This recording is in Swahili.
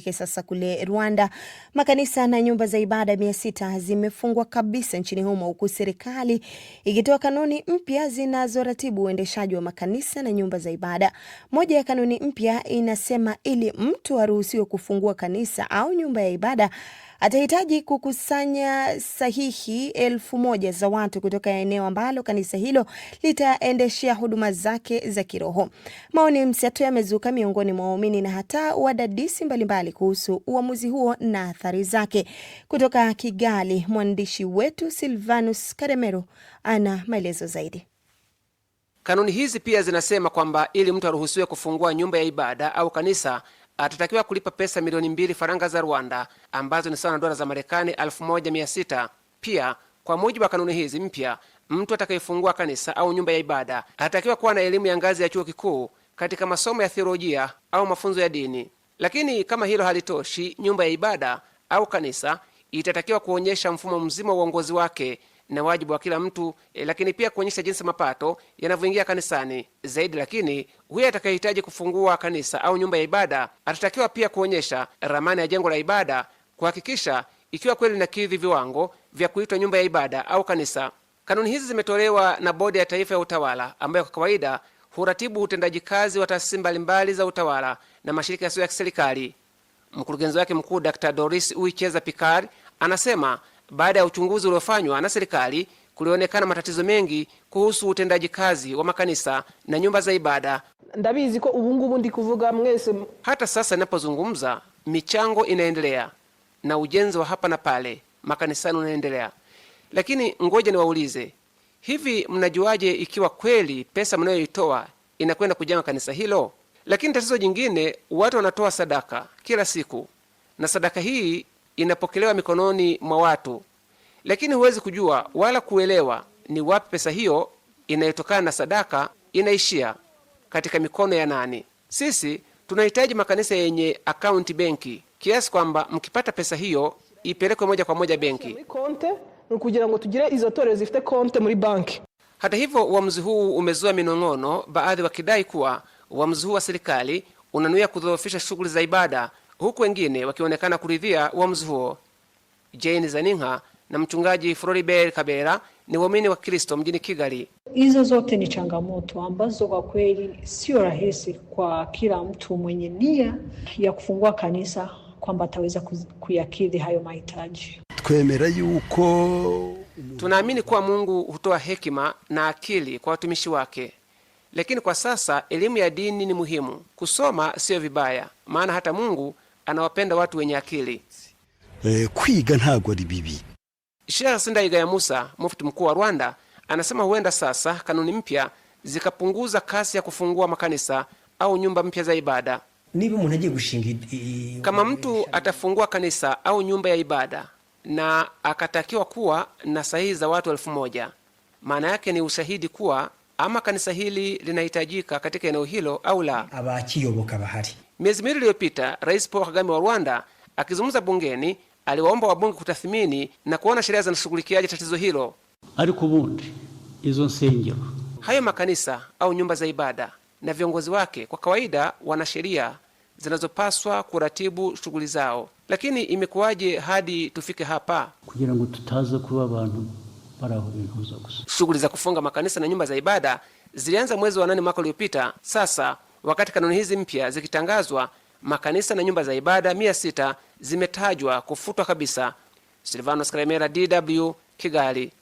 Sasa kule Rwanda makanisa na nyumba za ibada mia sita zimefungwa kabisa nchini humo huku serikali ikitoa kanuni mpya zinazoratibu uendeshaji wa makanisa na nyumba za ibada. Moja ya kanuni mpya inasema ili mtu aruhusiwe kufungua kanisa au nyumba ya ibada atahitaji kukusanya sahihi elfu moja za watu kutoka eneo ambalo kanisa hilo litaendeshea huduma zake za kiroho. Maoni mseto yamezuka miongoni mwa waumini na hata wadadisi mbalimbali serikali kuhusu uamuzi huo na athari zake. Kutoka Kigali, mwandishi wetu Silvanus Karemero ana maelezo zaidi. Kanuni hizi pia zinasema kwamba ili mtu aruhusiwe kufungua nyumba ya ibada au kanisa atatakiwa kulipa pesa milioni mbili faranga za Rwanda ambazo ni sawa na dola za Marekani 16 Pia kwa mujibu wa kanuni hizi mpya, mtu atakayefungua kanisa au nyumba ya ibada atatakiwa kuwa na elimu ya ngazi ya chuo kikuu katika masomo ya theolojia au mafunzo ya dini. Lakini kama hilo halitoshi, nyumba ya ibada au kanisa itatakiwa kuonyesha mfumo mzima wa uongozi wake na wajibu wa kila mtu e, lakini pia kuonyesha jinsi mapato yanavyoingia kanisani zaidi. Lakini huyo atakayehitaji kufungua kanisa au nyumba ya ibada atatakiwa pia kuonyesha ramani ya jengo la ibada, kuhakikisha ikiwa kweli linakidhi viwango vya kuitwa nyumba ya ibada au kanisa. Kanuni hizi zimetolewa na Bodi ya Taifa ya Utawala ambayo kwa kawaida huratibu utendaji kazi wa taasisi mbalimbali za utawala na mashirika yasiyo ya kiserikali. Mkurugenzi wake mkuu Dr Doris Uicheza picar anasema baada ya uchunguzi uliofanywa na serikali kulionekana matatizo mengi kuhusu utendaji kazi wa makanisa na nyumba za ibada. ndabizi ko ndi kuvuga mwese. Hata sasa inapozungumza michango inaendelea na ujenzi wa hapa na pale makanisani unaendelea, lakini ngoja niwaulize Hivi mnajuaje ikiwa kweli pesa mnayoitoa inakwenda kujenga kanisa hilo? Lakini tatizo jingine, watu wanatoa sadaka kila siku na sadaka hii inapokelewa mikononi mwa watu, lakini huwezi kujua wala kuelewa ni wapi pesa hiyo inayotokana na sadaka inaishia, katika mikono ya nani. Sisi tunahitaji makanisa yenye akaunti benki, kiasi kwamba mkipata pesa hiyo ipelekwe moja kwa moja benki kugira ngo tugire izo torero zifite konti muri banki. Hata hivyo uamuzi huu umezua minong'ono, baadhi wakidai kuwa uamuzi huu wa serikali unanuia kudhoofisha shughuli za ibada, huku wengine wakionekana kuridhia uamuzi huo. Jane Zaninka na mchungaji Floribert Kabera ni waumini wa Kristo mjini Kigali. Hizo zote ni changamoto ambazo kwa kweli sio rahisi kwa kila mtu mwenye nia ya kufungua kanisa kwamba ataweza kuyakidhi hayo mahitaji twemera yuko tunaamini kuwa Mungu hutoa hekima na akili kwa watumishi wake, lakini kwa sasa elimu ya dini ni muhimu. Kusoma siyo vibaya, maana hata Mungu anawapenda watu wenye akili. E, kwiga ntago ari bibi. Sheikh ya Musa, mufti mkuu wa Rwanda, anasema huenda sasa kanuni mpya zikapunguza kasi ya kufungua makanisa au nyumba mpya za ibada. Kama mtu atafungua kanisa au nyumba ya ibada na akatakiwa kuwa na sahihi za watu elfu moja. Maana yake ni ushahidi kuwa ama kanisa hili linahitajika katika eneo hilo au la. Miezi miwili iliyopita, Rais Paul Kagame wa Rwanda akizungumza bungeni aliwaomba wabunge kutathmini na kuona sheria zinashughulikiaje tatizo hilo. Hayo makanisa au nyumba za ibada na viongozi wake kwa kawaida wana sheria zinazopaswa kuratibu shughuli zao. Lakini imekuwaje hadi tufike hapa? kugira ngo tutaza kuba abantu gusa. Shughuli za kufunga makanisa na nyumba za ibada zilianza mwezi wa nane mwaka uliopita. Sasa wakati kanuni hizi mpya zikitangazwa, makanisa na nyumba za ibada mia sita zimetajwa kufutwa kabisa. Silvanos Karemera, DW, Kigali.